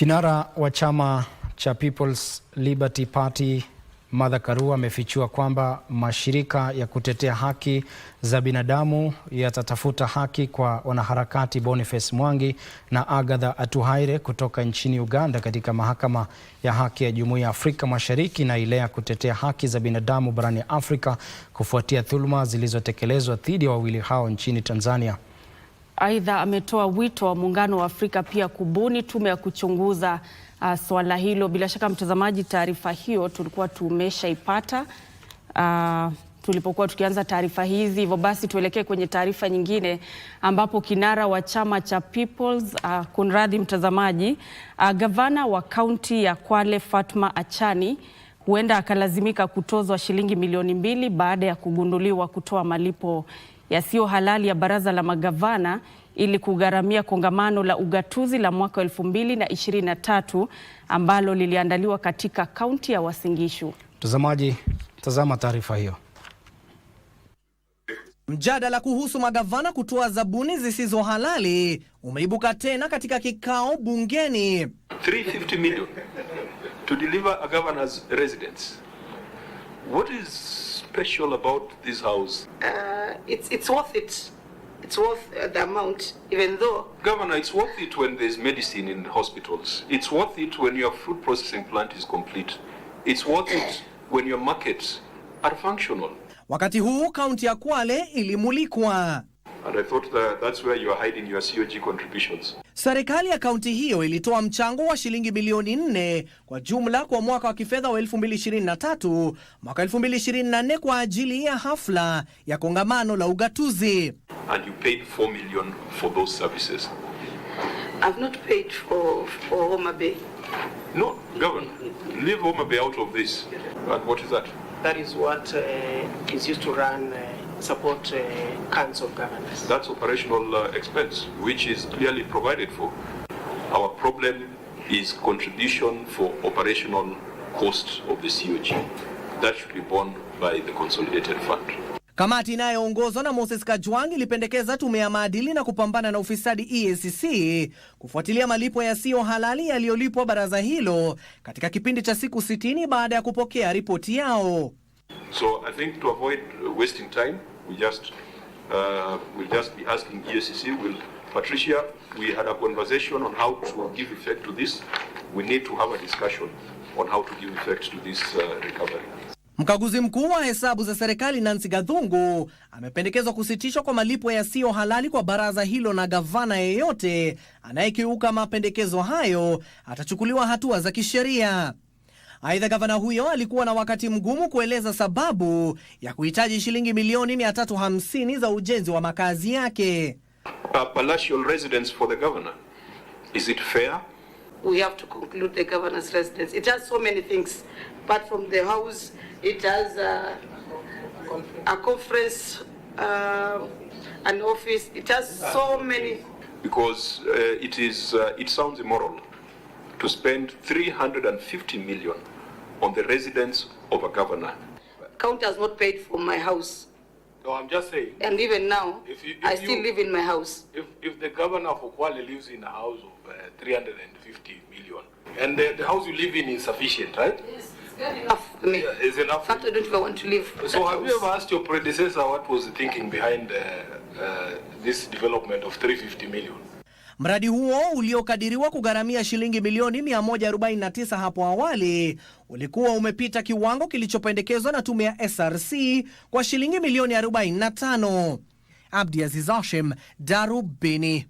Kinara wa chama cha People's Liberty Party Martha Karua amefichua kwamba mashirika ya kutetea haki za binadamu yatatafuta haki kwa wanaharakati Boniface Mwangi na Agatha Atuhaire kutoka nchini Uganda katika mahakama ya haki ya Jumuiya ya Afrika Mashariki na ile ya kutetea haki za binadamu barani Afrika kufuatia dhuluma zilizotekelezwa dhidi ya wawili hao nchini Tanzania. Aidha, ametoa wito wa muungano wa Afrika pia kubuni tume ya kuchunguza uh, swala hilo. Bila shaka mtazamaji, taarifa hiyo tulikuwa tumeshaipata uh, tulipokuwa tukianza taarifa hizi. Hivyo basi tuelekee kwenye taarifa nyingine ambapo kinara wa chama cha Peoples uh, kunradhi mtazamaji uh, gavana wa kaunti ya Kwale Fatma Achani huenda akalazimika kutozwa shilingi milioni mbili baada ya kugunduliwa kutoa malipo yasiyo halali ya baraza la magavana ili kugharamia kongamano la ugatuzi la mwaka 2023 ambalo liliandaliwa katika kaunti ya Uasin Gishu. Mtazamaji, tazama taarifa hiyo. Mjadala kuhusu magavana kutoa zabuni zisizo halali umeibuka tena katika kikao bungeni. 350 million to deliver a governor's residence. What is special about this house? Uh, it's, it's worth it. It's worth uh, the amount, even though. Governor, it's worth it when there's medicine in hospitals. It's worth it when your food processing plant is complete. It's worth it when your markets are functional. Wakati huu kaunti ya Kwale ilimulikwa And I thought that that's where you are hiding your COG contributions. Serikali ya kaunti hiyo ilitoa mchango wa shilingi bilioni nne kwa jumla kwa mwaka wa kifedha wa 2023 mwaka 2024 kwa ajili ya hafla ya kongamano la ugatuzi. And you paid 4 million for those services. I've not paid for, for Homa Bay. No, governor, leave Homa Bay out of this. And what is that? That is what uh, is used to run uh, support uh, kinds of governance. That's operational uh, expense, which is clearly provided for. Our problem is contribution for operational cost of the COG. That should be borne by the consolidated fund. Kamati inayoongozwa na Moses Kajwang' ilipendekeza tume ya maadili na kupambana na ufisadi EACC kufuatilia malipo yasiyo halali yaliyolipwa baraza hilo katika kipindi cha siku 60 baada ya kupokea ripoti yao. So I think to avoid wasting time, we just uh, we'll just be asking EACC, Patricia, we had a conversation on how to give effect to this. We need to have a discussion on how to give effect to this uh, recovery. Mkaguzi mkuu wa hesabu za serikali Nancy Gathungu amependekezwa kusitishwa kwa malipo yasiyo halali kwa baraza hilo, na gavana yeyote anayekiuka mapendekezo hayo atachukuliwa hatua za kisheria. Aidha, gavana huyo alikuwa na wakati mgumu kueleza sababu ya kuhitaji shilingi milioni 350 za ujenzi wa makazi yake. we have to conclude the governor's residence. It has so many things, apart from the house, it has a, a conference, uh, an office, it has so many. Because uh, it is, uh, it sounds immoral to spend 350 million on the residence of a governor. County has not paid for my house. No, I'm just saying. And even now, if you, if I still you, live in my house. If if the governor of Okwale lives in a house of uh, 350 million and the, the house you live in is sufficient, right? Yes, it's good enough for me. Yeah, it's enough. Fact, I don't even want to live. So have house. you ever asked your predecessor what was the thinking behind uh, uh, this development of 350 million? Mradi huo uliokadiriwa kugharamia shilingi milioni 149 hapo awali ulikuwa umepita kiwango kilichopendekezwa na tume ya SRC kwa shilingi milioni 45. Abdiaziz Hashim, Darubini.